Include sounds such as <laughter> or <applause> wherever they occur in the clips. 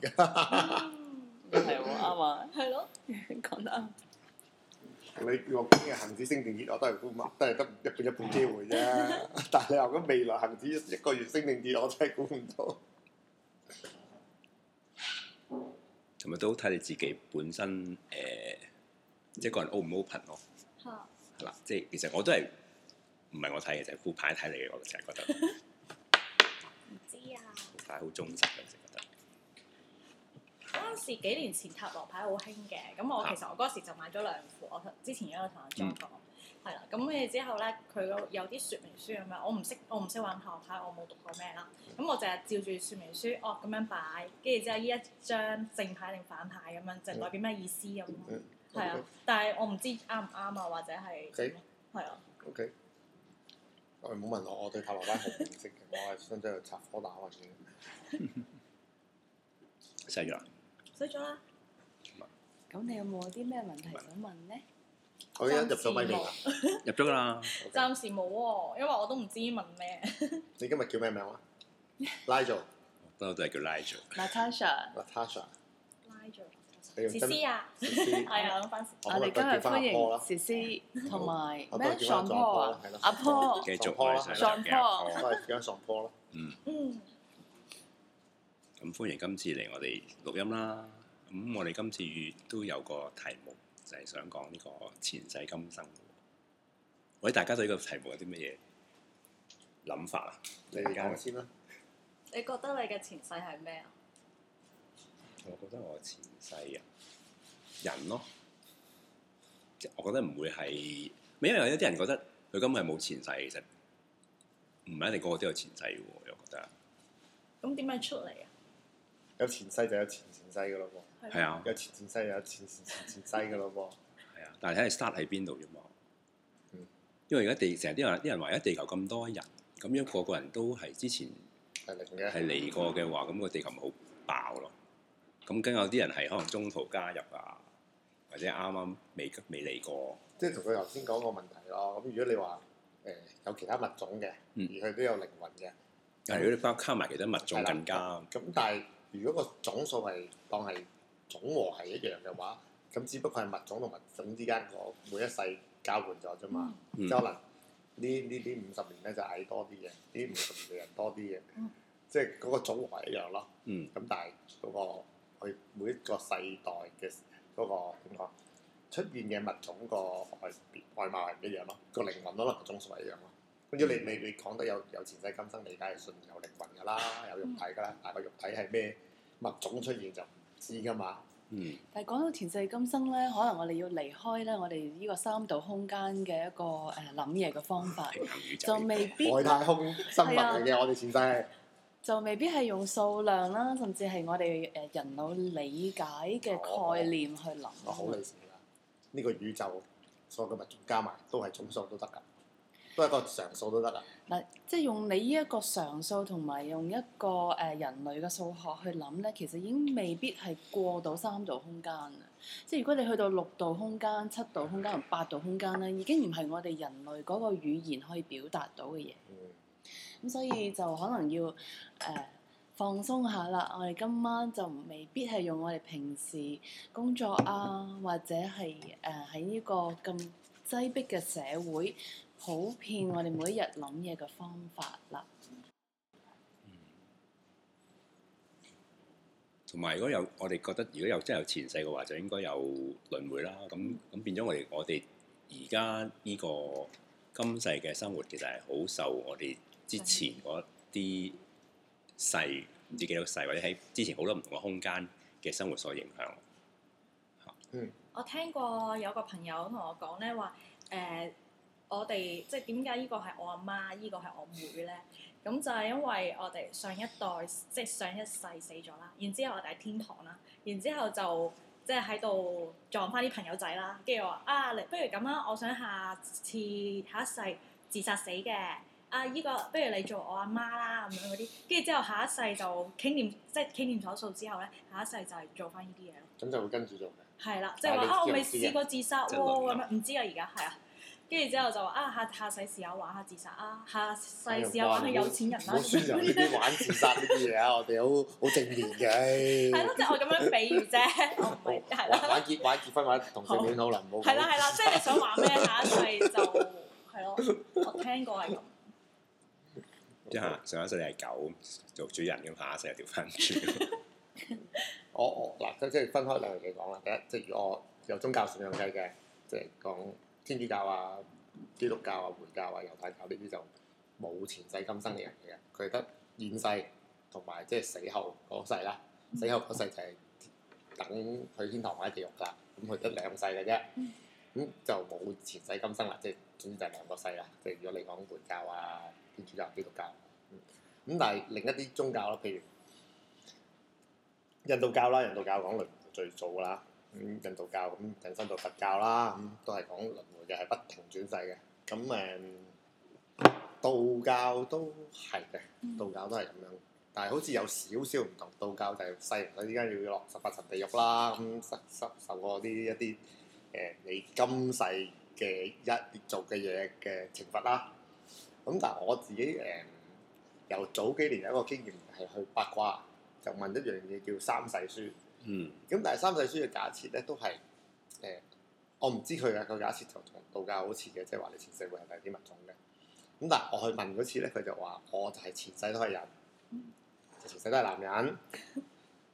係喎，啱嘛？係咯， <laughs> <laughs> 講 <laughs> 得啱。 <laughs> 你叫我講嘅恆指升定跌，我都係估埋，都係得一半一半機會啫。但係你話咁未來恆指一個月升定跌，我真係估唔到。同埋都睇你自己本身誒、呃，即係個人 open 唔 open 咯？係啦，即係其實我都係唔係我睇嘅，就係、是、副牌睇嚟嘅。我成日覺得唔 <laughs> 知啊，但係好忠實。嗰陣時幾年前塔羅牌好興嘅，咁我其實我嗰時就買咗兩副，我之前已經有同人裝過，係啦、嗯，咁跟住之後咧，佢有啲說明書咁樣，我唔識，我唔識玩塔羅牌，我冇讀過咩啦，咁我就係照住說明書哦咁樣擺，跟住之後呢一張正牌定反牌咁樣，淨代表咩意思咁，係啊，但係我唔知啱唔啱啊，或者係係啊，OK，我唔好問我，我對塔羅牌好唔識嘅，我係真真係插科打或者，石藥。衰咗啦！咁你有冇啲咩問題想問咧？暫時冇，入咗㗎啦。暫時冇喎，因為我都唔知問咩。你今日叫咩名啊？Liza，不過都係叫 Liza。Natasha。Natasha。拉咗。思思啊，係啊，翻嚟。我哋今日歡迎思思同埋咩？上坡啊，阿坡，繼續上坡。係，而家上坡咯。嗯。嗯。咁歡迎今次嚟我哋錄音啦！咁、嗯、我哋今次都有個題目，就係、是、想講呢個前世今生。喂，大家對呢個題目有啲乜嘢諗法啊？你哋講先啦。你覺得你嘅前世係咩啊，啊？我覺得我前世啊人咯，我覺得唔會係因為有啲人覺得佢根本係冇前世，其實唔係一定個個都有前世嘅。我覺得。咁點解出嚟啊？有前世就有前前世嘅咯。係啊，有前前世，有前前前前世嘅咯噃。係啊，但係睇下塞喺邊度啫嘛。嗯，因為而家地成日啲人啲人話，而家地球咁多人，咁一個個人都係之前係嚟過嘅話，咁個地球咪好爆咯。咁梗有啲人係可能中途加入啊，或者啱啱未未嚟過，即係同佢頭先講個問題咯。咁如果你話誒、呃、有其他物種嘅，而佢都有靈魂嘅，但係、嗯、如果你包卡埋其他物種，更加咁。但係如果個總數係當係。總和係一樣嘅話，咁只不過係物種同物種之間個每一世交換咗啫嘛。嗯、即可能呢呢呢五十年咧就矮多啲嘅，呢五十年嘅人多啲嘅，嗯、即係嗰個總和係一樣咯。咁、嗯、但係、那、嗰個佢每一個世代嘅嗰、那個點講出現嘅物種個外外貌係唔一樣咯，個靈魂都可能種屬係一樣咯。跟住、嗯、你你你講得有有前世今生你梗係信有靈魂㗎啦，有肉體㗎啦，但係個肉體係咩物種出現就？知噶嘛？嗯。但係講到前世今生咧，可能我哋要離開咧，我哋呢個三度空間嘅一個誒諗嘢嘅方法， <laughs> 呃、就未必外太空生物嚟嘅。啊、我哋前世就未必係用數量啦，甚至係我哋誒人腦理解嘅概念去諗。哦哦哦、好理性㗎！呢個宇宙所有嘅物質加埋都係總數都得㗎，都係個常數都得㗎。即係用你呢一個常數同埋用一個誒、呃、人類嘅數學去諗咧，其實已經未必係過到三度空間。即係如果你去到六度空間、七度空間同八度空間咧，已經唔係我哋人類嗰個語言可以表達到嘅嘢。咁、嗯、所以就可能要誒、呃、放鬆下啦。我哋今晚就未必係用我哋平時工作啊，或者係誒喺呢個咁擠逼嘅社會。普遍我哋每日諗嘢嘅方法啦，同埋、嗯、如果有我哋覺得如果有真係有前世嘅話，就應該有輪迴啦。咁咁變咗我哋我哋而家呢個今世嘅生活，其實係好受我哋之前嗰啲世唔、嗯、知幾多世，或者喺之前好多唔同嘅空間嘅生活所影響。嗯，我聽過有個朋友同我講咧話，誒。呃我哋即係點解呢個係我阿媽，呢、呢個係我妹咧？咁就係因為我哋上一代即係上一世死咗啦，然之後我哋喺天堂啦，然之後就即係喺度撞翻啲朋友仔啦。跟住我話啊，你不如咁啦，我想下次下一世自殺死嘅，啊依、呢個不如你做我阿媽啦咁樣嗰啲。跟住之後下一世就傾掂，即係傾掂咗數之後咧，下一世就係做翻呢啲嘢咯。咁就會跟住做嘅。係啦，即係話啊，啊，我未試過自殺喎，咁樣唔知啊，而家係啊。跟住之後就話啊，下下世試下玩下自殺啊，下世試下玩下有錢人啦。呢啲玩自殺呢啲嘢啊，我哋好好正面嘅。係咯，即係我咁樣比喻啫，我唔係。玩結玩結婚玩同性戀好啦，好。係啦係啦，即係你想話咩下一世就係咯，我聽過係咁。即係上一世你係狗做主人咁，下一世又調翻豬。我我嗱即係分開兩樣嘢講啦，第一即係如果我有宗教信仰嘅，即係講。天主教啊、基督教啊、回教啊、猶太教呢啲就冇前世今生嘅人嚟嘅，佢係得現世同埋即係死後嗰世啦。死後嗰世就係等佢天堂或者地獄㗎，咁佢得兩世嘅啫，咁就冇前世今生啦，即係總之就係兩個世啦。即係如果你講回教啊、天主教、基督教，嗯，咁但係另一啲宗教咯，譬如印度教啦，印度教講輪迴最早啦。咁印度教咁引申到佛教啦，咁、嗯、都係講輪迴嘅，係不停轉世嘅。咁、嗯、誒，道教都係嘅，道教都係咁樣。但係好似有少少唔同，道教就係世人依家要落十八層地獄啦，咁受受受過啲一啲誒、呃、你今世嘅一做嘅嘢嘅懲罰啦。咁、嗯、但係我自己誒，由、呃、早幾年有一個經驗係去八卦，就問一樣嘢叫三世書。嗯，咁第三世書嘅假設咧，都係誒，我唔知佢嘅個假設同同道教好似嘅，即係話你前世會係第啲物種嘅。咁但係我去問嗰次咧，佢就話我就係前世都係人，嗯、前世都係男人，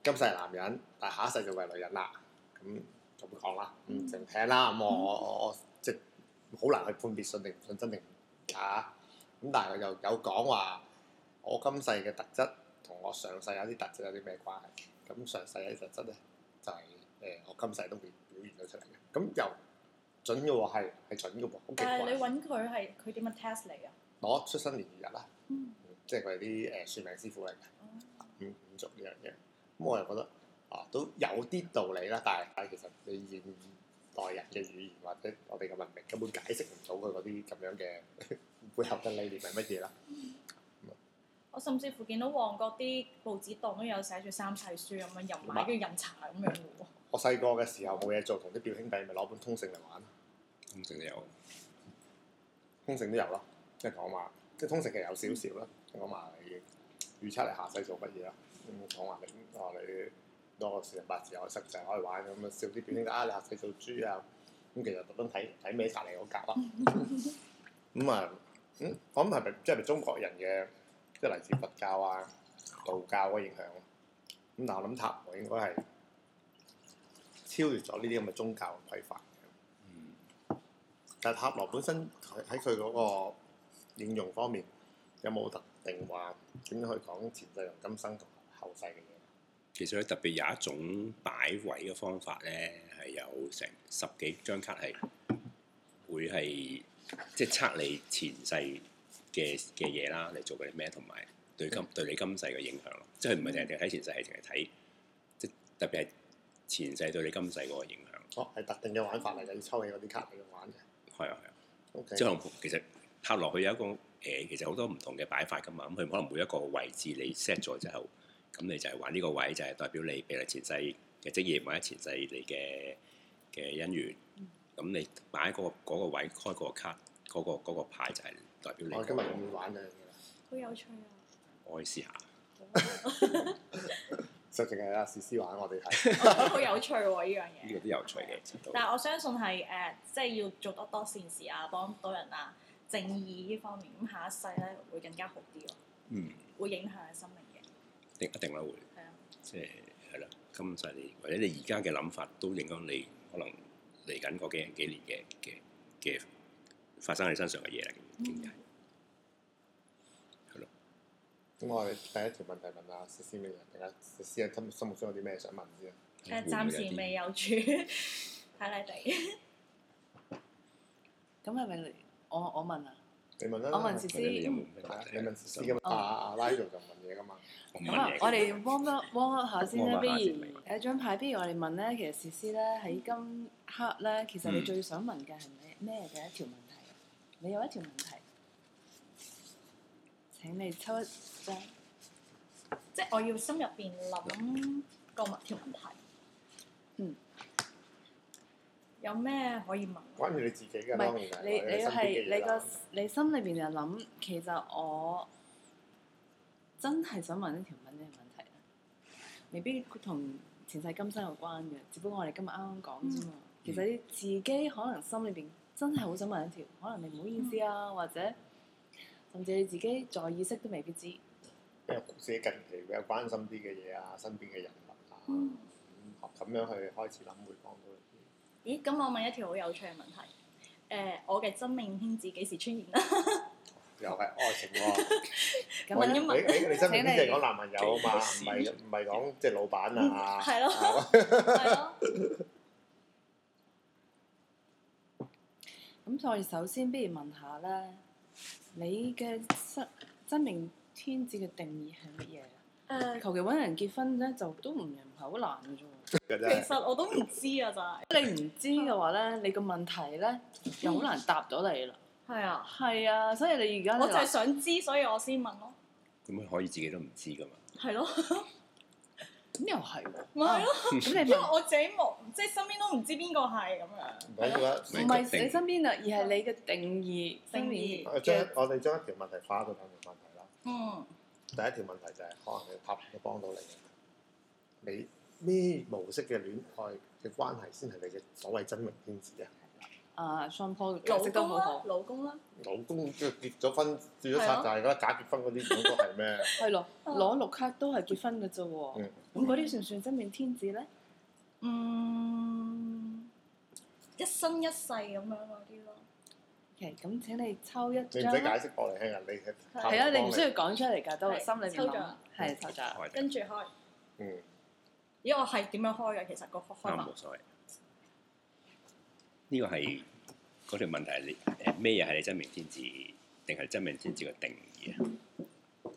今世係男人，但係下一世就為女人啦。咁咁講啦，嗯，啊、嗯靜聽啦。咁我我我即係好難去判別信定唔信真定假。咁但係佢又有講話，說說我今世嘅特質同我上世有啲特質有啲咩關係？咁上世喺實質咧，就係、是、誒、呃、我今世都未表現咗出嚟嘅。咁、嗯、又準嘅喎，係係準嘅喎。誒、嗯，你揾佢係佢點樣 test 你啊？攞、哦、出生年月日啦，嗯、即係佢啲誒算命師傅嚟嘅，唔唔、嗯嗯嗯、做呢樣嘢。咁、嗯、我又覺得啊，都有啲道理啦，但係但係其實你現代人嘅語言或者我哋嘅文明根本解釋唔到佢嗰啲咁樣嘅背後嘅理念係乜嘢啦。 <laughs> <laughs> 我甚至乎見到旺角啲報紙檔都有寫住三世書，咁樣又買跟住飲茶咁樣、嗯、我細個嘅時候冇嘢做，同啲表兄弟咪攞本通勝嚟玩，通勝都有，通勝都有咯，即係講話，即係通勝其實有少少啦。講埋預測嚟下世做乜嘢啦，咁、嗯、講話你，我、啊、哋多個四十八字有得就可以玩咁啊，樣笑啲表兄弟啊，你下世做豬啊，咁其實特登睇睇尾隔離嗰格咁啊，嗯，咁係咪即係咪中國人嘅？即係嚟自佛教啊、道教嘅影響。咁嗱，我諗塔羅應該係超越咗呢啲咁嘅宗教規範。嗯。但塔羅本身喺佢嗰個應用方面，有冇特定話點樣去講前世同今生同後世嘅嘢？其實佢特別有一種擺位嘅方法咧，係有成十幾張卡係會係即係測你前世，嘅嘅嘢啦，你做過啲咩，同埋對今對你今世嘅影響咯，嗯、即係唔係淨係淨係睇前世，係淨係睇即特別係前世對你今世個影響。哦，係特定嘅玩法嚟嘅，要抽嘅嗰啲卡嚟嘅玩嘅。係啊係啊，之後、啊、Okay. 其實拍落去有一個誒、呃，其實好多唔同嘅擺法噶嘛。咁、嗯、佢可能每一個位置你 set 咗之後，咁你就係玩呢個位就係代表你，譬如前世嘅職業或者前世你嘅嘅姻緣。咁你擺喺、嗰個嗰、嗰個位開個卡，嗰、嗰個嗰、嗰個嗰個牌就係、係。代表你我今日唔玩呢樣嘅啦，好有趣啊！我去試下，就淨係阿思思玩，我哋睇好有趣喎呢樣嘢，呢個都有趣嘅，是但係我相信係誒，uh, 即係要做得多，多善事啊，幫多，多人啊，正義呢方面，咁下一世咧會更加好啲咯。嗯，會影響生命嘅，定一定啦會。係啊，即係係啦，今世你或者你而家嘅諗法，都影響你可能嚟緊嗰幾年嘅嘅嘅發生喺你身上嘅嘢嚟。係咯，咁我哋第一條問題問阿詩詩先啊，大家詩詩心心目中有啲咩想問先啊？誒，暫時未有住，睇你哋。咁係咪我我問啊？你問啦。我問詩詩。你問詩詩啊？阿阿拉度就問嘢㗎嘛。我問嘢。咁啊，我哋 warm up warm up 下先啦。不如有張牌，不如我哋問咧，其實詩詩咧喺今刻咧，其實你最想問嘅係咩？咩第一條問？你有一條問題，請你抽一張，即係我要心入邊諗個條問題，嗯，有咩可以問，關於你自己嘅問題，你你係你個是你心裏邊就諗，其實我真係想問呢條問呢個問題，未必同前世今生有關嘅，只不過我哋今日啱啱講啫嘛。嗯，其實你自己可能心裏邊。真係好想問一條，可能你唔好意思啊，或者甚至你自己在意識都未必知。因為故事近期比較關心啲嘅嘢啊，身邊嘅人物啊，咁、嗯、樣去開始諗會講到。咦？咁我問一條好有趣嘅問題。誒、呃，我嘅真命天子幾時出現啊？又係愛情喎。咁、哦、樣 <laughs> <laughs> 問你，真、欸、身邊淨係講男朋友啊嘛？唔係唔係講即係老闆啊？係咯、 <laughs> 嗯。 <laughs> 咁所以首先，不如問下咧，你嘅真真命天子嘅定義係乜嘢？誒、呃，求其揾人結婚咧，就都唔係好難嘅啫。其實我都唔知啊，就係。你唔知嘅話咧，你個問題咧又好難答咗你啦。係啊，係啊，所以你而家我就係想知，所以我先問咯。咁可以自己都唔知噶嘛？係咯。咁又係喎，唔係咯，因為我自己冇，即、就、係、是、身邊都唔知邊個係咁樣，唔係你身邊啊，而係你嘅定義、定義邊。我我哋將一條問題化做兩條問題啦。嗯。第一條問題就係、是、可能你拍 a r 幫到你，你呢模式嘅戀愛嘅關係先係你嘅所謂真名天子啊。啊，雙方都好，老公啦，老公啦。老公即係結咗婚，結咗晒架，假結婚嗰啲總共係咩？係咯，攞綠卡都係結婚嘅啫喎。咁嗰啲算唔算真命天子咧？嗯，一生一世咁樣嗰啲咯。OK，咁請你抽一張。唔使解釋過嚟聽啊，你係。係啊，你唔需要講出嚟㗎都，心裏面。抽中，係晒架，跟住開。嗯。咦，我係點樣開嘅？其實個開碼。冇所謂。呢個係嗰條問題你，你咩嘢係你真命天子，定係真命天子嘅定義啊？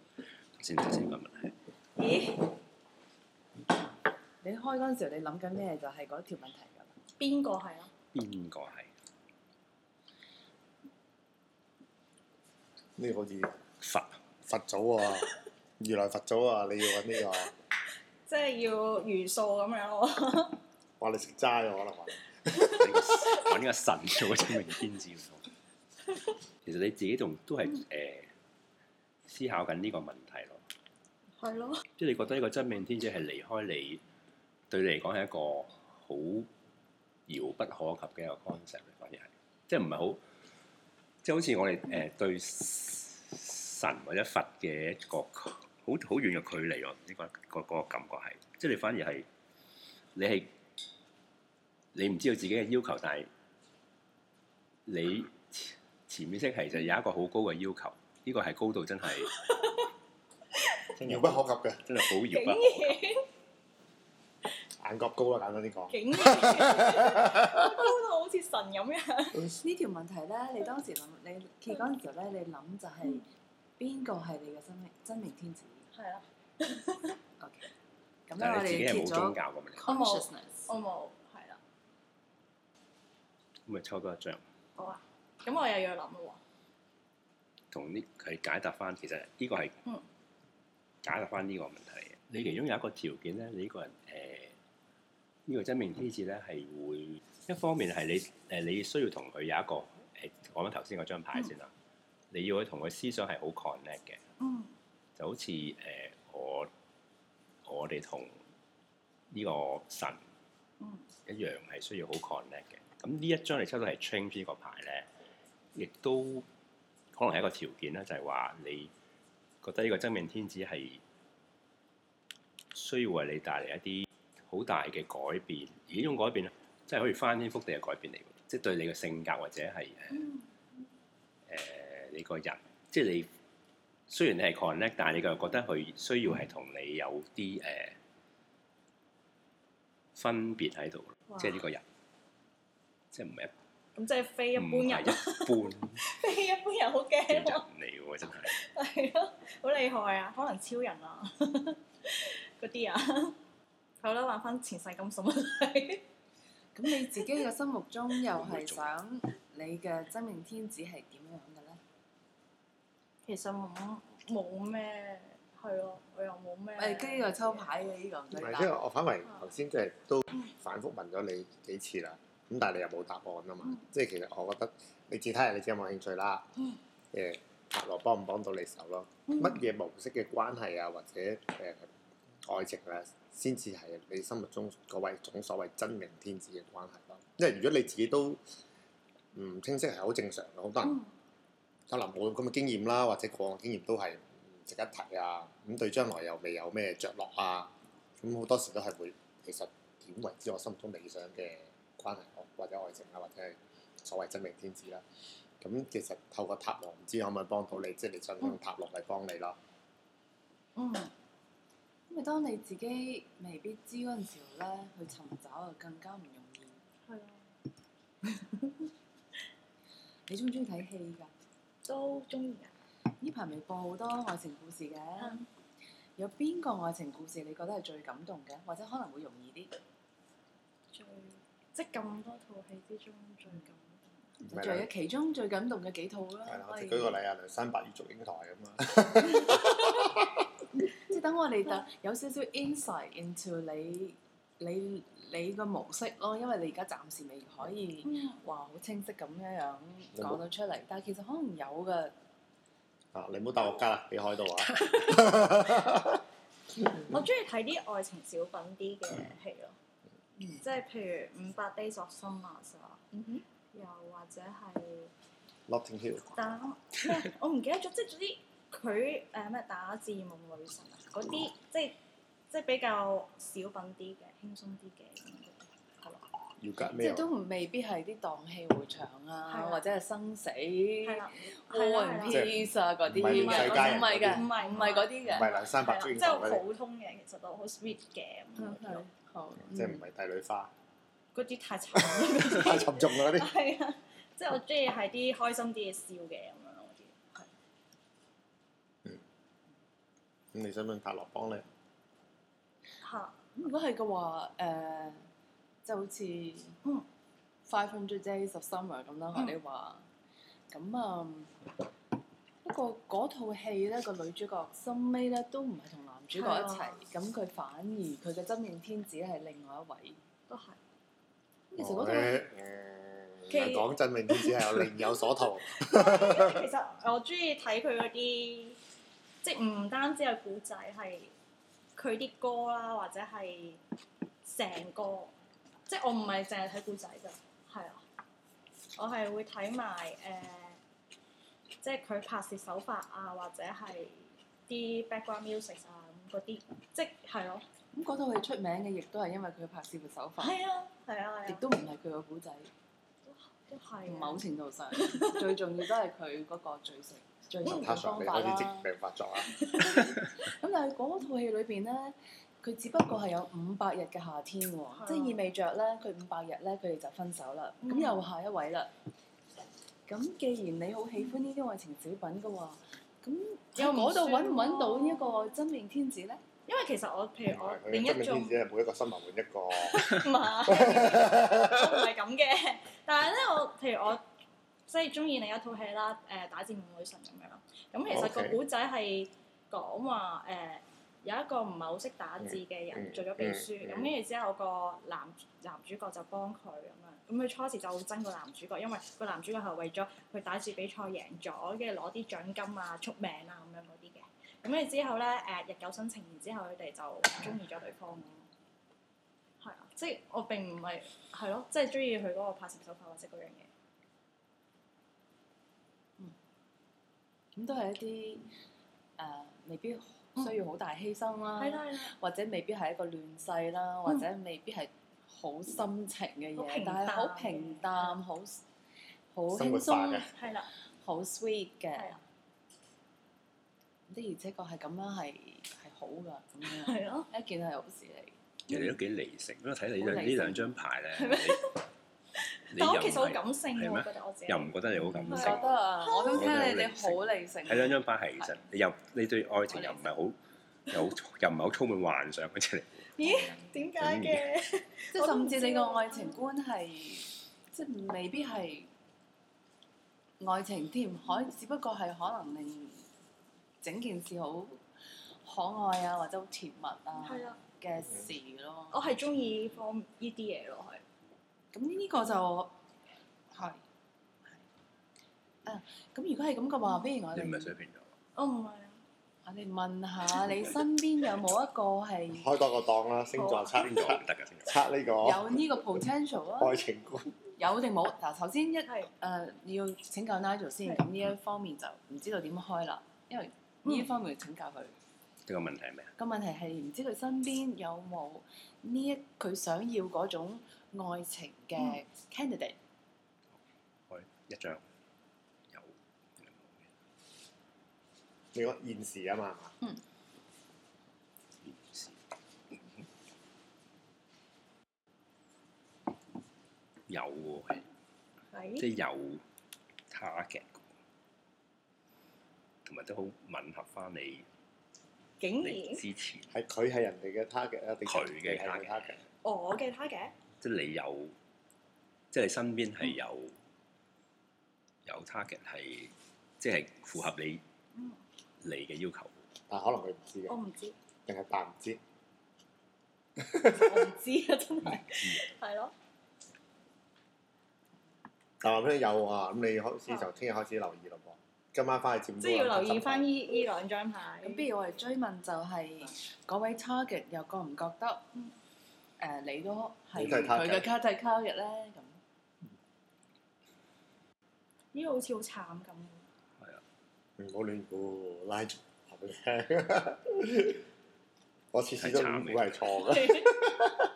先先，先問問題。咦、欸？你開嗰陣時候你諗緊咩就係嗰條問題㗎啦？邊是是個係啊？邊個係？呢個好似佛佛祖啊，如 <laughs> 來佛祖啊，你要揾呢、這個？ <laughs> 即係要元素咁樣咯、啊。話！ <laughs> 你食齋㗎可能？搵個神做嘅真命天子，其實你自己仲都係誒思考緊呢個問題咯，係咯的，即係你覺得呢個真命天子係離開你，對你嚟講係一個好遙不可及嘅一個 concept，反而係，即係唔係好，即係好似我哋誒、呃、對神或者佛嘅一個好好遠嘅距離咯，呢、這個嗰、那個那個感覺係，即係你反而係你係。你唔知道自己嘅要求，但係你前面式係就有一個好高嘅要求，呢個係高度真係遙不可及嘅，真係好遙。竟然眼角高啦，簡單啲講。竟然高到好似神咁樣。呢條問題咧，你當時諗，你嗰陣時咧，你諗就係邊個係你嘅真命真命天子？係啊。OK，咁又你自己係冇宗教嘅咩？我冇，我冇。咁咪抽多一張好啊！咁我又要諗咯喎，同呢佢解答翻，其實呢個係解答翻呢個問題嘅。嗯、你其中有一個條件咧，你個人誒呢、呃呢個真命天子咧，係會一方面係你誒、呃、你需要同佢有一個誒，我諗頭先嗰張牌先啦。嗯、你要去同佢思想係好 connect 嘅，嗯、就好似誒、呃、我我哋同呢個神一樣係需要好 connect 嘅。咁呢一張你抽到係 Change 呢個牌咧，亦都可能係一個條件啦，就係、是、話你覺得呢個真命天子係需要為你帶嚟一啲好大嘅改變，而呢種改變咧，即係可以翻天覆地嘅改變嚟，嘅，即係對你嘅性格或者係誒誒你個人，即係你雖然你係 connect，但係你又覺得佢需要係同你有啲誒、呃、分別喺度，哇即係呢個人。即係唔係一般咁即係非一般人，一般，非一般人好驚喎。超 <laughs> 人嚟喎，真係係咯，好、 <laughs> 啊、厲害啊！可能超人啊，嗰啲啊， <laughs> 好啦，玩翻前世今生啦。咁 <laughs> 你自己嘅心目中又係想你嘅真命天子係點樣嘅咧？ <laughs> 其實冇冇咩係咯，我又冇咩。誒，跟住又抽牌嘅呢的個。唔係，因為我反為頭先即係都反覆問咗你幾次啦。咁但係你又冇答案啊嘛，嗯、即係其實我覺得你自己睇下你自己有冇興趣啦。誒、嗯，塔羅、欸、幫唔幫到你手咯？乜嘢、嗯、模式嘅關係啊，或者誒、呃、愛情咧、啊，先至係你心目中嗰位總所謂真命天子嘅關係咯。因為如果你自己都唔清晰，係好正常嘅，好多人，可能冇咁嘅經驗啦，或者個案經驗都係唔值得提啊。咁對將來又未有咩着落啊。咁好多時都係會其實點為之我心目中理想嘅？關係或或者愛情啊，或者係所謂真命天子啦。咁其實透過塔羅唔知可唔可以幫到你，即係你想用塔羅嚟幫你咯。嗯，因為當你自己未必知嗰陣時候咧，去尋找就更加唔容易。係啊。 <laughs> 你中唔中意睇戲㗎？都中意啊。呢排咪播好多愛情故事嘅。嗯。有邊個愛情故事你覺得係最感動嘅，或者可能會容易啲？即咁多套戲之中最感，仲有其中最感動嘅幾套咯。係啦，我哋舉個例啊，《梁山伯與祝英台》咁嘛，即等我哋有少少 insight into 你你你個模式咯，因為你而家暫時未可以話好清晰咁樣樣講到出嚟，但其實可能有㗎。啊！你唔好當學家啦，你開度啊！我中意睇啲愛情小品啲嘅戲咯。即係譬如《五百 Days of Summer》啊，嗯哼，又或者係《Notting Hill》。咩？我唔記得咗，即係總之，佢誒咩打字幕女神啊，嗰啲即係即係比較小品啲嘅，輕鬆啲嘅，係嘛？要隔咩即係都未必係啲盪氣迴腸啊，或者係生死《One Piece》啊嗰啲唔係嘅，唔係嗰啲嘅。唔係三百即係好普通嘅，其實都好 sweet 嘅。嗯、即係唔係帝女花？嗰啲太, <laughs> <laughs> 太沉重啦，嗰啲係啊！即、就、係、是、我中意係啲開心啲嘅笑嘅咁樣咯，啲係、 <laughs> 嗯。嗯，咁、嗯嗯、你想唔想拍羅邦咧？呢如果係嘅話，誒、呃，即好似《Five、嗯、Hundred Days of Summer》咁啦，你話咁啊？不過嗰套戲咧，個女主角收尾咧都唔係同。主角一齊，咁佢、啊、反而佢嘅真命天子係另外一位，都係是，其實嗰套，講真命天子係我另有所圖，其實， <laughs> 其實我中意睇佢啲， <laughs> 即係唔單止係古仔，係佢啲歌啦，或者係成個，即係我唔係淨係睇古仔㗎，係啊，我係會睇埋誒，即係佢拍攝手法啊，或者係啲 background music 啊。嗰啲，即係咯。咁嗰套戲出名嘅，亦都係因為佢拍攝嘅手法。係啊，係啊，係啊。亦都唔係佢個古仔。都都係。啊、某程度上， <laughs> 最重要都係佢嗰個最成 <laughs> 最實拍上嘅嗰啲疾病發作啊。咁 <laughs> <laughs> 但係嗰套戲裏邊咧，佢只不過係有五百日嘅夏天喎，嗯、即係意味着咧，佢五百日咧佢哋就分手啦。咁又下一位啦。咁、嗯、既然你好喜歡呢啲愛情小品嘅話，咁有冇喺度揾唔揾到一個真命天子咧？因為其實我譬如我，、嗯、譬如我另一種真命天子係每一個新聞換一個，唔係咁嘅。但係咧，我譬如我即係中意另一套戲啦，誒、呃、打字夢女神咁樣。咁、嗯、其實個古仔係講話誒有一個唔係好識打字嘅人做咗秘書，咁跟住之後個男主男主角就幫佢。咁佢初時就好憎個男主角，因為個男主角係為咗佢打次比賽贏咗，跟住攞啲獎金啊、出名啊咁樣嗰啲嘅。咁跟住之後咧，誒日久生情，然之後佢哋就中意咗對方咯。係啊、嗯，即係我並唔係係咯，即係中意佢嗰個拍攝手法或者嗰樣嘢。嗯。咁都係一啲誒，未必需要好大犧牲啦，或者未必係一個亂世啦，或者未必係。好心情嘅嘢，但係好平淡，好，好輕鬆，係啦，好 sweet 嘅。的而且確係咁樣係係好噶，咁樣係咯，一件係好事嚟。其實你都幾理性，因睇你呢兩呢兩張牌咧，你你又唔係，又唔覺得你好感性？覺得啊，我都聽你，你好理性。喺兩張牌係其實你又你對愛情又唔係好又又唔係好充滿幻想嘅真係。咦？點解嘅？嗯、即係甚至你個愛情觀係，啊、即係未必係愛情添，可只不過係可能令整件事好可愛啊，或者好甜蜜啊嘅事咯。啊嗯、我係中意放呢啲嘢落去。咁呢個就係是啊！咁如果係咁嘅話，不、嗯、如我。哋。唔使變咗？Oh m 我哋、啊、問下你身邊有冇一個係開多個檔啦、啊，星座測呢、呢個唔得㗎，測呢個有呢個 potential 啊， <laughs> 愛情觀有定冇？嗱，首先一誒、 <laughs> 呃、要請教 Nigel 先，咁呢 <laughs> 一方面就唔知道點開啦，因為呢方面要請教佢。呢、嗯、個問題係咩啊？個問題係唔知佢身邊有冇呢一佢想要嗰種愛情嘅 candidate、嗯。開一張。你講現時啊嘛，嗯，有喎係，係即係有 target，同埋都好吻合翻你。竟然之前係佢係人哋嘅 target 啊，佢嘅 target，我嘅 target，即係你有，即係身邊係有有 target 係，即係符合你。嗯你嘅要求，但可能佢唔知嘅，我唔知定係扮唔知，我唔知啊，真係唔知，係咯？但話俾你有啊，咁、嗯、你開始就聽日開始留意咯噃。今晚翻去佔，即係要留意翻呢依兩張牌。咁，回不如我哋追問、就是，就係嗰位 target 又覺唔覺得誒、嗯、你都係佢嘅 card 係 card 嘅咧？咁，呢個、嗯、好似好慘咁。亂 <laughs> 我好亂估，拉住，我次次都估係錯噶。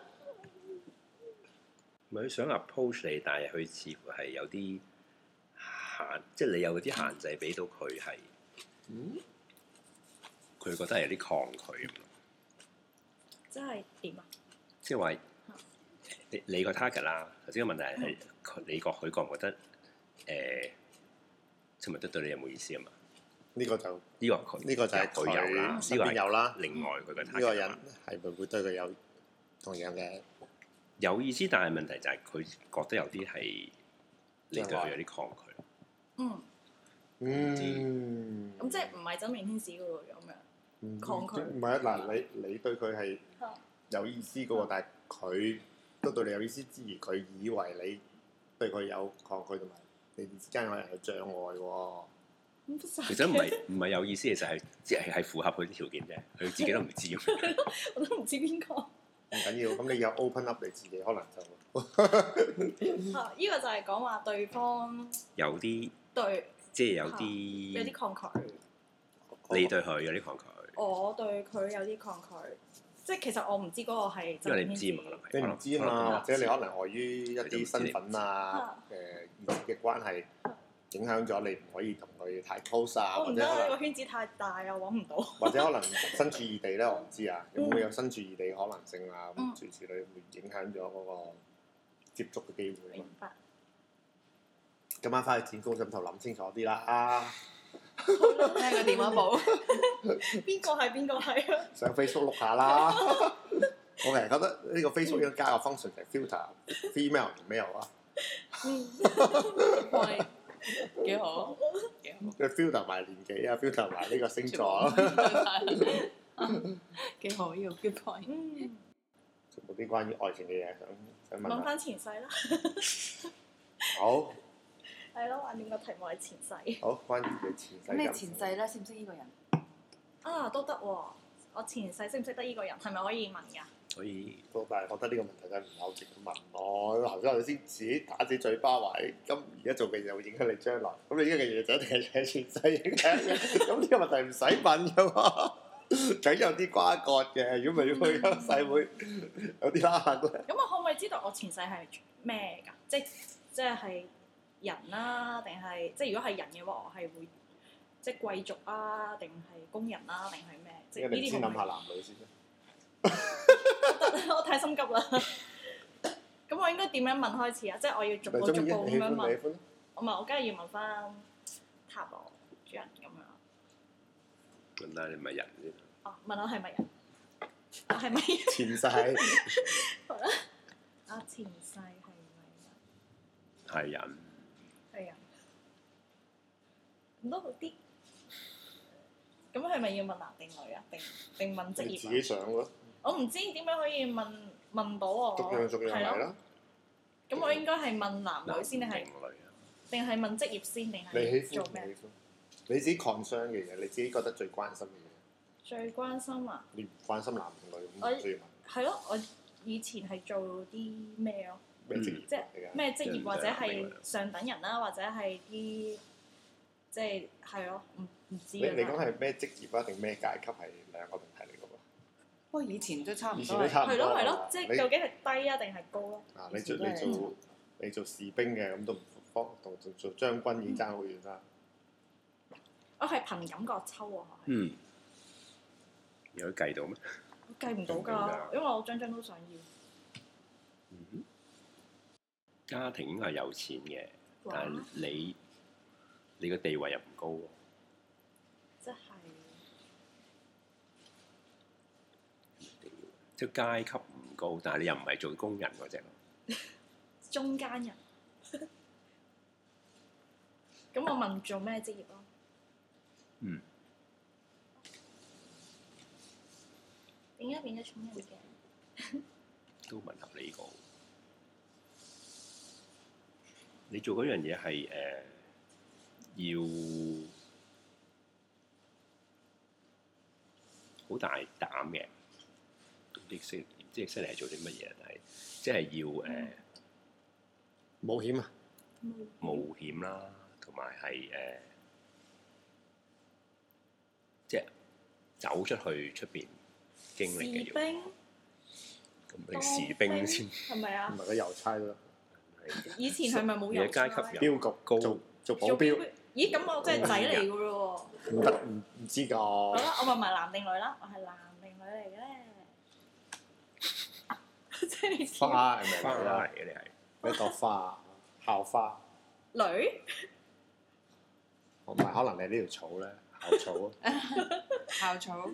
唔係佢想 approach 你，但係佢似乎係有啲限，嗯、即係你有啲限制俾到佢係，佢、嗯、覺得有啲抗拒。真係點啊？即係話，你你個 target 啦，頭先個問題係佢，嗯、你覺佢覺唔覺得誒，陳日德對你有冇意思啊？嘛？呢個就呢個佢，呢個就佢有啦，呢邊有啦。另外佢嘅呢個人係咪會對佢有同樣嘅有意思，但係問題就係佢覺得有啲係你對佢有啲抗拒。嗯，嗯，咁即係唔係真命天子嘅咁樣抗拒。唔係嗱，你你對佢係有意思嘅喎，但係佢都對你有意思，之餘佢以為你對佢有抗拒同埋你之間可能有障礙喎。其實唔係唔係有意思，其實係即係係符合佢啲條件啫。佢自己都唔知。我都唔知邊個。唔緊要，咁你有 open up 你自己，可能就。呢個就係講話對方有啲對，即係有啲有啲抗拒。你對佢有啲抗拒。我對佢有啲抗拒，即係其實我唔知嗰個係。因為你唔知嘛，你唔知嘛，或者你可能礙於一啲身份啊、誒、嘅關係。影響咗你唔可以同佢太 close 啊，或者可能個圈子太大又揾唔到， <laughs> 或者可能身處異地咧，我唔知啊。有冇有身處異地可能性啊？咁、嗯、隨時你會影響咗嗰個接觸嘅機會。明白。今晚翻去瞓高枕頭諗清楚啲啦啊！聽 <laughs> 個 <laughs> 電話簿，邊個係邊個係啊？上 Facebook 碌下啦。 <laughs> 我成日覺得呢個 Facebook 要加個 function 成 filter <laughs> female，同 male 啊。嗯。 <laughs> <laughs> b o 幾好，幾好。又 build 埋年紀啊，build 埋呢個星座。幾 <laughs> 好，呢個 good point。全部啲關於愛情嘅嘢想想問下。問翻前世啦。 <laughs> 好。係咯， <laughs> 話掂個題目係前世。好，關於佢前世。咁你前世咧識唔識呢個人？啊，都得喎、啊。我前世識唔識得呢個人？係咪可以問噶？所以都但係覺得呢個問題就唔好直咁問我。頭先自己打自己嘴巴話，誒，而家做嘅嘢會影響你將來。咁你呢個嘢就一定係前世影嘅。咁呢個問題唔使問嘅喎，梗有啲瓜葛嘅。如果咪係，會世會有啲拉閪㗎？咁我可唔可以知道我前世係咩㗎？即即係人啦，定係即係如果係人嘅話，我係會即係貴族啊，定係工人啊，定係咩？先諗下男女先。我太心急啦。咁我應該點樣問開始啊？即係我要逐步逐步咁樣問。我唔係，我梗係要問翻塔羅主人咁樣。問下你係咪人先？哦，問我係咪人？我係咪前世？前世係咪人？係人。係人。咁都好啲。咁係咪要問男定女啊？定定問職業？自己想咯。我唔知點樣可以問問到我，係咯？咁我應該係問男女先定係定係問職業先定係做咩？你自己抗商嘅嘢，你自己覺得最關心嘅嘢。最關心啊？你唔關心男女唔需要問。係咯，我以前係做啲咩咯？咩職業？即係咩職業或者係上等人啦，或者係啲即係係咯，唔唔知。你你講係咩職業啊？定咩階級係兩個？不過以前都差唔多，係咯係咯，你即係究竟係低啊定係高咯、啊？啊！你做你做你做士兵嘅，咁都唔同做做將軍已經爭好遠啦、嗯。我係憑感覺抽啊！嗯，有計到咩？計唔到㗎，因為我張張都想要。嗯哼家庭應該係有錢嘅，哇但係你你個地位又唔高、啊。即階級唔高，但係你又唔係做工人嗰隻咯，中間人。咁我問做咩職業咯？嗯。點解變咗變咗寵人嘅。都吻合你個。你做嗰樣嘢係誒要好大膽嘅。即係犀利嚟係做啲乜嘢？但係即係要誒冒險啊！冒險啦、啊，同埋係誒即係走出去出邊經歷嘅士兵？咁你士兵先係咪啊？唔係個郵差咯。 <laughs> 以前係咪冇郵差階級有？標局高做做保鏢？咦！咁我即係仔嚟㗎喎。唔得唔知㗎。好啦，我問問男定女啦。我係男定女嚟嘅咧。花，係咪？花嚟嘅你係，一朵花，校花。女，唔係，可能你條呢條草咧，校草啊，校草。 <laughs> 校草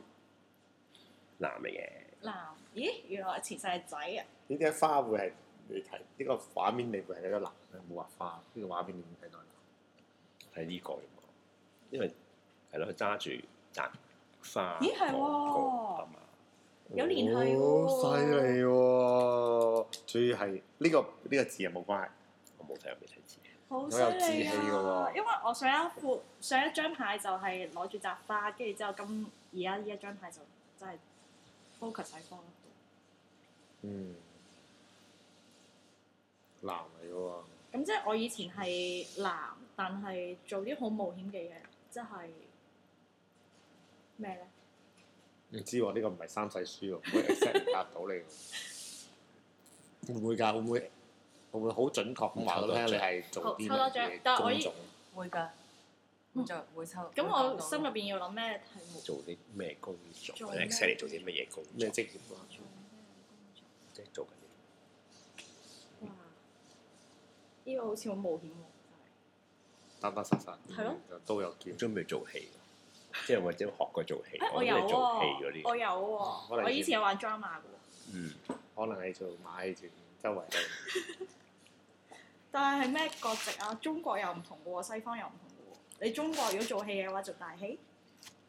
<laughs> 男嚟嘅的。男？咦，原來前世係仔啊！呢啲花會係你睇呢個畫面，你、這個、面面會係一個男嘅，冇畫花、這個、畫呢個畫面你會睇到男。係呢、這個，因為係咯，佢揸住扎花。咦，係喎桃。的有聯繫好犀利喎！主要係呢個呢個字有冇關係？我冇睇入邊啲字。好犀利啊！因為我上一副上一張牌就係攞住雜花，跟住之後咁而家呢一張牌就真係 focus 喺方咯。嗯，男嚟嘅喎。咁即係我以前係男，但係做啲好冒險嘅嘢，即係咩咧？唔知喎，呢個唔係三世書喎，唔會 set 唔答到你，會唔會㗎？會唔會？會唔會好準確？我話俾你聽，你係做啲咩嘢工作？抽多張，但係我依會㗎，就係會抽。咁我心入邊要諗咩題目？做啲咩工作？我哋 set 嚟做啲乜嘢工作？咩職業？做咩工作？即係做緊啲。哇！呢個好似好冒險喎。單單實實係咯，都有叫準備做戲。即係或者學過做戲，欸、我有、啊，做戲啲。我有喎、啊，我以前有玩 drama 噶喎。嗯， <laughs> 可能係做馬戲團周圍都。 <laughs> 但係係咩國籍啊？中國又唔同嘅喎，西方又唔同嘅喎。你中國如果做戲嘅話，做大戲？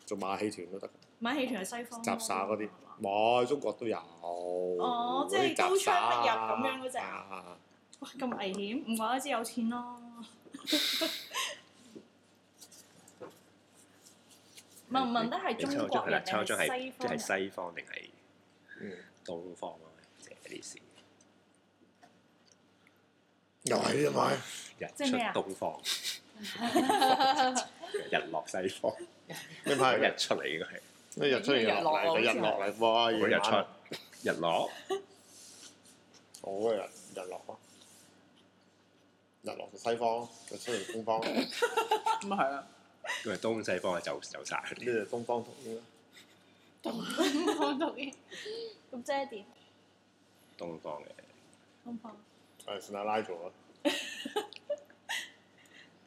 做馬戲團都得。馬戲團係西方。雜耍嗰啲，冇，中國都有。哦，嗯、即係刀槍不入咁樣嗰隻。哇！咁馬危險，唔怪得知有錢咯。 <laughs> 問問得係中國嘅西方定係東方啊？即啲事又係啲咩？日出東方，日落西方。因咩？係日出嚟應該係，咩日出嚟日落嚟？日落嚟哇！如果日出，日落，好啊！日落咯，日落嘅西方，日出嘅東方。咁啊係啊！因為東西方嘅就走呢啲，東方讀嘅， <laughs> 東方讀的嘅，咁即係點？東方嘅的， <laughs> 東方的，誒算下拉咗啦，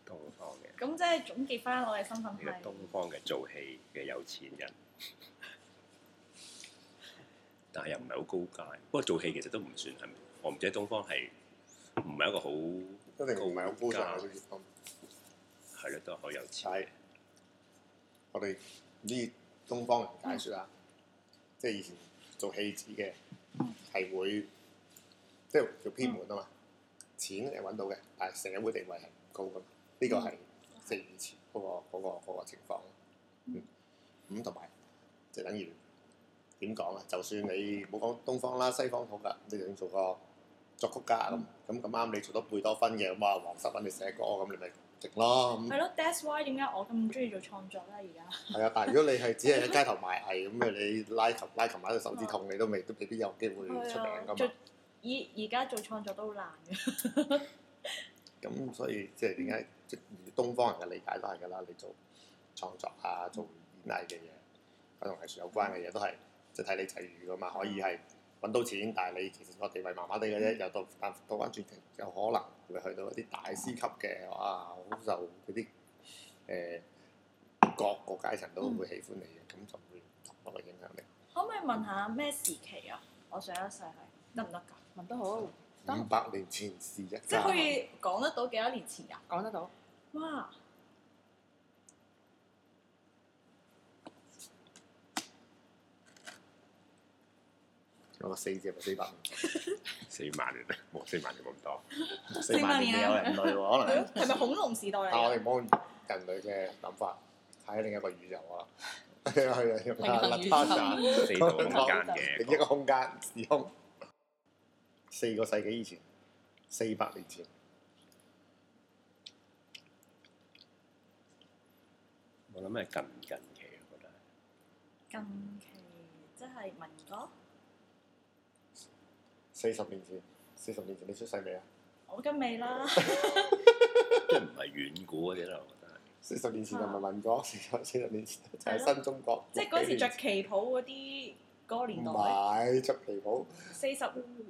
東方嘅的。咁即係總結翻我嘅身份係東方嘅的做 <laughs> 的 <laughs> 戲嘅有錢人，但係又唔係好高階。不過做戲其實都唔算係，我唔知東方係唔係一個好，一定唔係好高價 <laughs> 係都好有差。我哋呢東方人解說啦，嗯、即係以前做戲子嘅係會，即係叫偏門啊嘛。嗯、錢係揾到嘅，但係社會地位係唔高嘅。呢、嗯、個係即係以前嗰、嗰個嗰、嗰個嗰個、情況。咁同埋就等於點講啊？就算你冇講東方啦，西方好啦、嗯嗯，你做個作曲家咁咁咁啱，你做到貝多芬嘅咁哇，黃石粉你寫歌咁，你咪～咯，係咯、嗯、That's why 點解我咁中意做創作咧？而家係啊，但係如果你係只係喺街頭賣藝咁啊， <laughs> 你拉琴拉琴拉到手指痛，你都未都未必有機會出名㗎嘛。 <laughs> <laughs> 以而家做創作都好難嘅，咁所以即係點解即係東方人嘅理解都係㗎啦。你做創作啊，做演藝嘅嘢，同藝術有關嘅嘢都係即係睇你際遇㗎嘛，可以係。嗯揾到錢，但係你其實我哋係麻麻地嘅啫，又到但倒翻轉頭有可能會去到一啲大師級嘅，哇！好受嗰啲誒，各個階層都會喜歡你嘅，咁、嗯、就會有影響力。可唔可以問下咩時期啊？我上一世係得唔得㗎？問得好，五百年前事一。即係可以講得到幾多年前㗎、啊？講得到。哇！我四隻係咪四百五？四萬年啊！冇四萬年咁多，四萬年有人類喎，可能係咪恐龍時代嚟？但係我哋望人類嘅諗法，睇下另一個宇宙啊！係啊係啊，另一個空間時空，四個世紀以前，四百年前，我諗係近近期，我覺得近期即係民國。四十年前，四十年前你出世未啊？我今未啦，即係唔係遠古嗰啲啦，我覺得係。四十年前就唔係遠古，四十年前就新中國，即係嗰時着旗袍嗰啲嗰個年代。唔係着旗袍。四十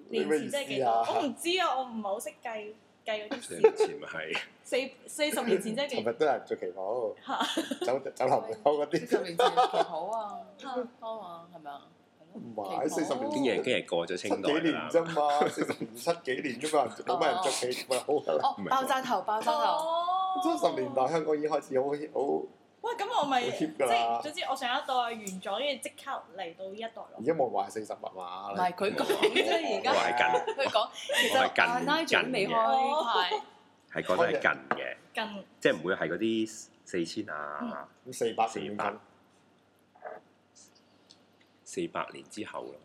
年前真係幾多？我唔知啊，我唔係好識計計嗰啲。四年前咪係四四十年前真係幾？尋日都係着旗袍，走走南走嗰啲。四十年前旗袍啊，多啊，係咪啊？唔係四十年啲嘢，今日過咗清代幾年啫嘛，四十七幾年啫嘛，冇乜人捉起，唔係好。爆炸頭，爆炸頭。七十年代香港已經開始好，好。喂，咁我咪即係總之，我上一代完咗，跟住即刻嚟到一代。而家冇話係四十八萬。唔係佢講啫，而家。話係近。佢講其實係拉緊未開牌。係講緊係近嘅。近。即係唔會係嗰啲四千啊。咁四百四分。四百年之後咯，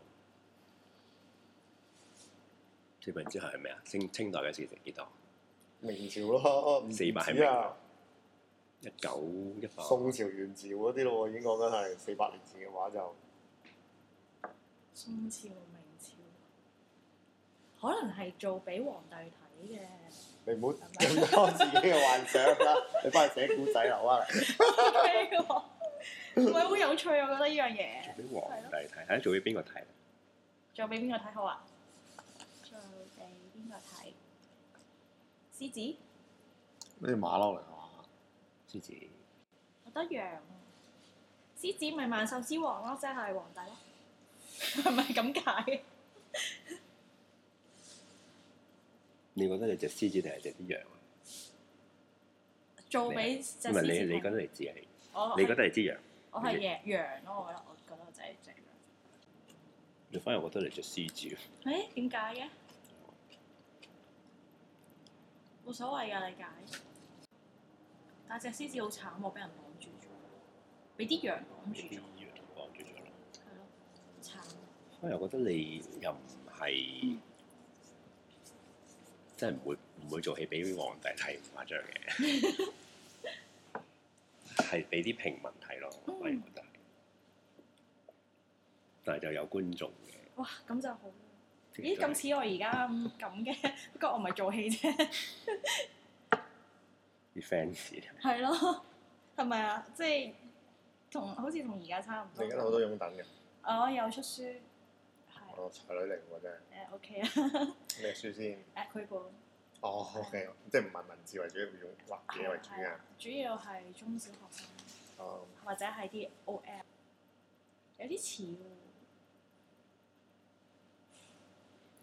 四百年之後係咩啊？清清代嘅事情幾多？明朝咯，明朝。四百係咩啊？一九一八。宋朝、元朝嗰啲咯，已經講緊係四百年前嘅話就。宋朝、明朝，可能係做俾皇帝睇嘅。你唔好咁多自己嘅幻想啦， <laughs> 你翻去寫古仔啦，啊。 <laughs> <laughs> 唔係好有趣，我覺得呢樣嘢。做俾皇帝睇，睇做俾邊個睇？做俾邊個睇好啊？做俾邊個睇？獅子？咩馬騮嚟嚇？獅子？我得羊啊！獅子咪萬獸之王咯，即係皇帝咯，係咪咁解？你覺得你隻獅子定係隻啲羊？做俾即係你？你覺得你只係？我你覺得係隻羊？ <laughs> 你我係野羊咯，我覺得，我覺得我真係正。你反而覺得你隻獅子啊？誒、欸，點解嘅？冇所謂噶，理解。但係隻獅子好慘喎，俾人綁住咗，俾啲羊綁住咗。綁住咗啦。係咯，慘。反而我又覺得你又唔係，嗯、真係唔會唔會做戲俾皇帝睇，唔誇張嘅。 <laughs> 係俾啲平民睇咯，我覺得。但係就有觀眾嘅。哇，咁就好。咦？咁 <laughs> 似我而家咁嘅， <laughs> 不過我唔係做戲啫。啲 <laughs> fans。係 <laughs> <laughs> 咯，係咪啊？即係同好似同而家差唔多。而家好多擁躉嘅。我、哦、有出書。哦，才女嚟喎、啊，真係。 <laughs> OK 啦。咩書先？誒，佢個。哦，O.K.，即係唔係文字為主，用畫嘅為主啊！Oh, yes. 主要係中小學生，oh. 或者係啲 O.L.，有啲似喎，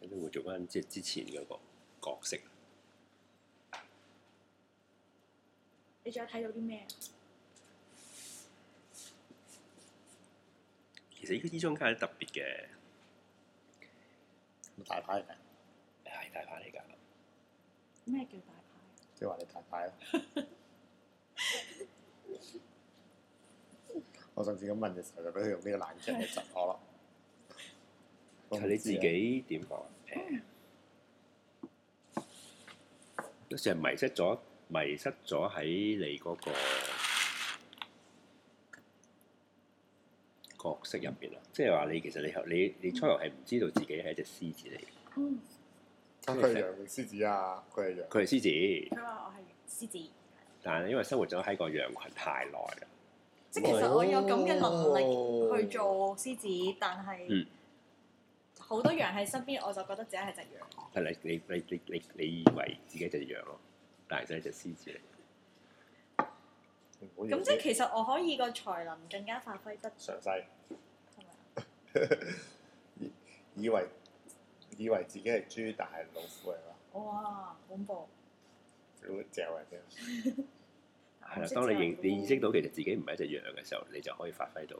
有啲會做翻即係之前嗰個角色。你仲有睇到啲咩？ <noise> <noise> 其實呢張卡係特別嘅，大牌嚟㗎，係大牌嚟㗎。 <noise> <noise> 咩叫大牌？即係話你大牌咯！我上次咁問嘅時候，就俾佢用呢個難字嚟窒我咯。係、 <laughs> 啊、你自己點講啊？有時係迷失咗，迷失咗喺你嗰個角色入邊啊。嗯、即係話你其實你你你，你初頭係唔知道自己係一隻獅子嚟嘅。嗯佢係羊定獅子啊？佢係羊。佢係獅子。佢話我係獅子。但係因為生活咗喺個羊群太耐啦。即係其實我有咁嘅能力去做獅子，但係好多羊喺身邊，我就覺得自己係隻羊。係、嗯、你你你你你你以為自己係隻羊咯，但係就係隻獅子嚟。咁即係其實我可以個才能更加發揮得詳細細，係咪？ <laughs> 以為。以為自己係豬，但係老虎嚟㗎。哇、哦！恐怖！會嚼人㗎。係、啊、啦，當你認你意識到其實自己唔係一隻羊嘅時候，你就可以發揮到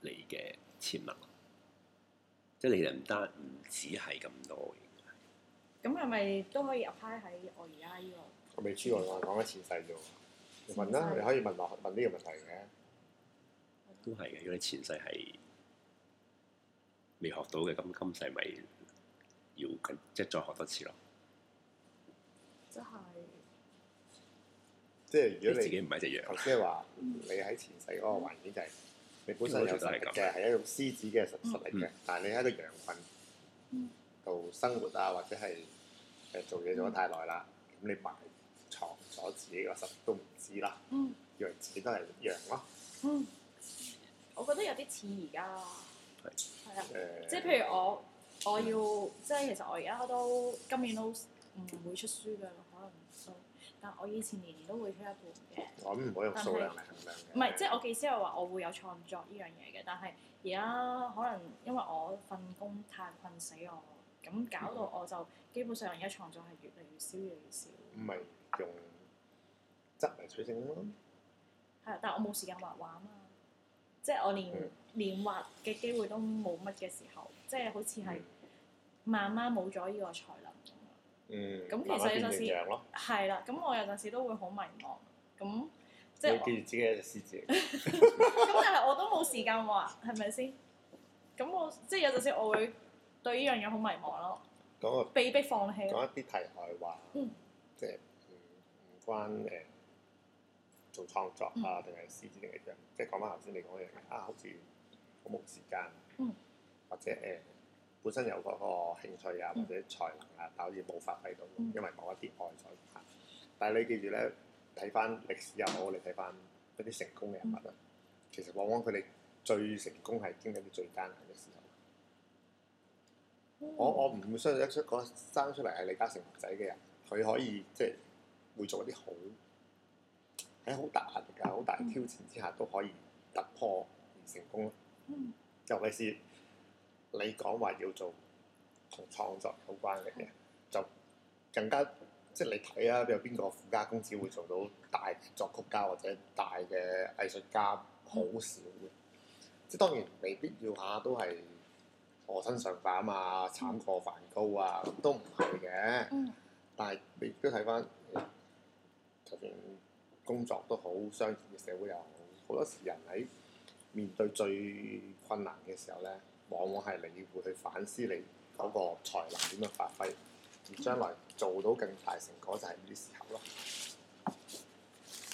你嘅潛能。即係你哋唔單止只係咁多，咁係咪都可以 apply 喺我而家呢個？我未出嚟喎，講緊前世啫喎。問啦，你可以問落問呢個問題嘅。都係嘅，因為前世係未學到嘅，今今世咪、就是。要緊，即係再學多次咯。即係，即係如果你，你自己唔係一隻羊即，即係話你喺前世嗰個環境就係你本身有實力嘅，係一種獅子嘅實實力嘅，但係你喺個羊羣度生活啊，或者係誒做嘢做得太耐啦，咁你埋藏咗自己個實都唔知啦，以為自己都係羊咯。嗯，我覺得有啲似而家，係係啊， <laughs> 啊即係譬如我。 <noise> <noise> 我要即係其實我而家都今年都唔會出書㗎，可能都，但係我以前年年都會出一部嘅。我唔可以用數量唔一係，即係我意思係話我會有創作呢樣嘢嘅，但係而家可能因為我份工太困死我，咁搞到我就基本上而家創作係越嚟越，越，越少，越嚟越少。唔係用質嚟取勝咯。係，但我冇時間畫畫啊嘛，即係我連。嗯連畫嘅機會都冇乜嘅時候，即係好似係慢慢冇咗依個才能。嗯。咁其實有陣時係啦，咁我有陣時都會好迷茫。咁即係記住自己係獅子。咁但係我都冇時間畫，係咪先？咁我即係有陣時，我會對呢樣嘢好迷茫咯。講個被迫放棄。講一啲題外話。嗯。即係唔關誒做創作啊，定係獅子定係即係講翻頭先你講嘅嘢啊，好似。冇時間，或者誒、呃、本身有嗰個興趣啊，或者才能啊，但好似冇發揮到，嗯、因為冇一啲外在。但係你記住咧，睇翻歷史又好，你睇翻一啲成功嘅人物咧，嗯、其實往往佢哋最成功係經歷啲最艱難嘅時候。嗯、我我唔相信一出生出嚟係李嘉誠仔嘅人，佢可以、嗯、即係會做一啲好喺好大壓力啊、好大挑戰之下都可以突破而成功咯。嗯、尤其係、嗯、你講話要做同創作有關嘅嘢，就更加即係、就是、你睇啊，有邊個富家公子會做到大作曲家或者大嘅藝術家？好少嘅，嗯、即係當然未必要下、啊、都係可身上版啊，慘過梵高啊，都唔係嘅。嗯、但係你都睇翻，嗯、就算工作都好，商業嘅社會又好，好多時人喺面對最困難嘅時候咧，往往係你會去反思你嗰個才能點樣發揮，而將來做到更大成果就係呢啲時候咯。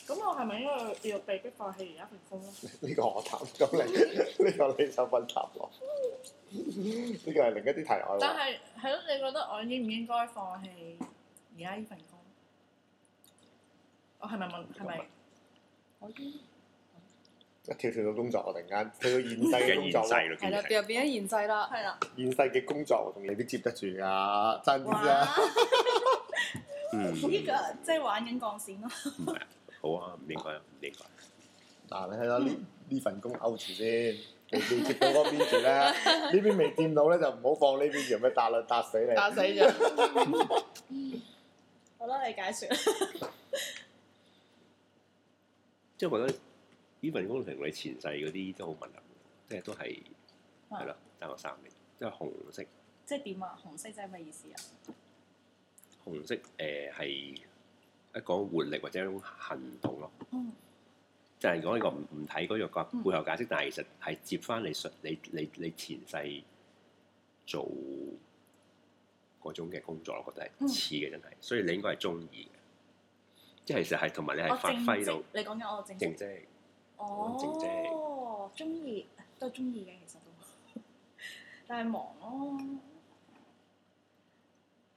咁我係咪應該要被逼放棄而家份工咧？呢、嗯、個我答咗你，呢、嗯、 <laughs> 個你就問答我，呢個係另一啲題外、啊、但係係咯，你覺得我應唔應該放棄而家呢份工？我係咪問？係咪可以？嗯嗯嗯嗯嗯一跳跳到工作，我突然間跳到現世嘅工作啦，係啦，又變咗現世啦，係啦。現世嘅工作同你都接得住噶，真係。呢個即係玩緊鋼線咯，啊。唔係啊，好啊，唔應該，唔應該。嗱，啊，你睇下呢份工勾住先，你未接到嗰邊住咧？ <laughs> 邊呢邊未見到咧，就唔好放呢邊住，咩搭兩搭死你。搭死咗。 <laughs> 好啦，你解說即係覺得。 <laughs> <laughs> 呢份工程你前世嗰啲都好吻合，即係都係係咯，爭我三年，即係紅色。即係點啊？紅色即係乜意思啊？紅色誒係、呃、一講活力或者一種行動咯。就係講呢個唔唔睇嗰個背後解釋，嗯、但係其實係接翻你你你你前世做嗰種嘅工作，我覺得係似嘅真係，所以你應該係中意嘅。即係其實係同埋你係發揮到你講緊我正正。哦，哦，中意都中意嘅，其實都，但係忙咯，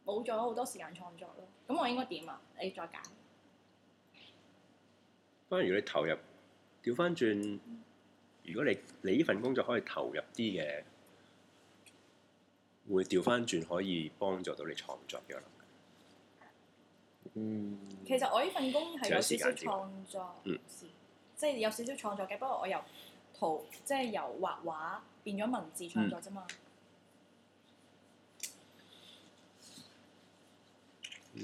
冇咗好多時間創作咯。咁我應該點啊？你再揀。不如果你投入，調翻轉，如果你你呢份工作可以投入啲嘅，會調翻轉可以幫助到你創作嘅。嗯。其實我呢份工係有少，少少創作，嗯。即係有少少創作嘅，不過我由圖即係由畫畫變咗文字創作啫嘛。你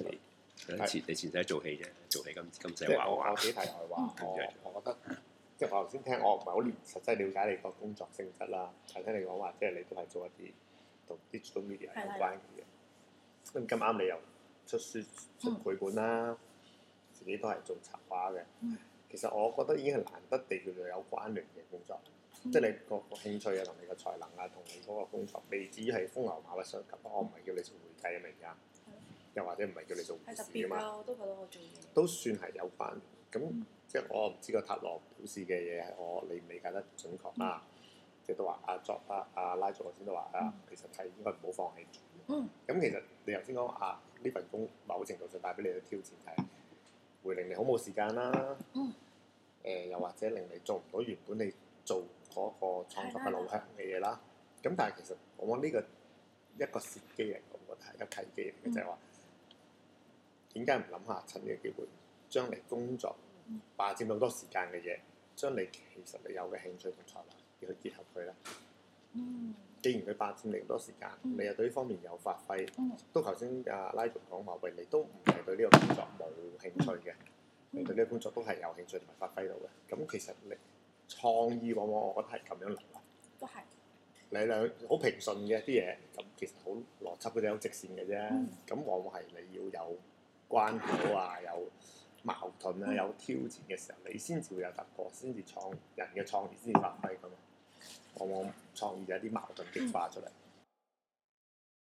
前你前世做戲啫，做戲咁咁使畫畫。我幾題外話，我覺得、嗯、即係我頭先聽我唔係好連實際瞭解你個工作性質啦。頭先你講話即係你都係做一啲同 digital media 有關嘅，咁啱的、嗯嗯、你又出書出繪本啦，自己都係做插畫嘅。嗯其實我覺得已經係難得地叫做有關聯嘅工作，即係你個興趣啊、同你嘅才能啊，同你嗰個工作，未至於係風牛馬不相及。我唔係叫你做會計啊，明唔明啊？又或者唔係叫你做護士啊嘛？都算係有關咁，即係我唔知個塔羅表示嘅嘢係我理唔理解得準確啊？即係都話阿作 o 啊、阿拉祖啊先都話啊，其實係應該唔好放棄。嗯。咁其實你頭先講話啊，呢份工某程度上帶俾你嘅挑戰係會令你好冇時間啦。誒、呃、又或者令你做唔到原本你做嗰個創作嘅路向嘅嘢啦，咁的但係其實往往呢個的一個蝕機啊，我覺得係一契機人嘅，嗯、就係話點解唔諗下趁呢個機會，將嚟工作霸佔咁多時間嘅嘢，將你其實你有嘅興趣同才能去結合佢咧。嗯、既然佢霸佔你咁多時間，嗯、你又對呢方面有發揮，都頭先阿拉總講話，喂，你都唔係對呢個工作冇興趣嘅。你對呢個工作都係有興趣同埋發揮到嘅，咁其實你創意往往我覺得係咁樣嚟嘅，都係是你兩好平順嘅一啲嘢，咁其實好邏輯嗰啲有直線嘅啫，咁往往係你要有關口啊，有矛盾啊，嗯、有挑戰嘅時候，你先至會有突破，先至創人嘅創意先至發揮噶嘛，往往創意有係啲矛盾激化出嚟。嗯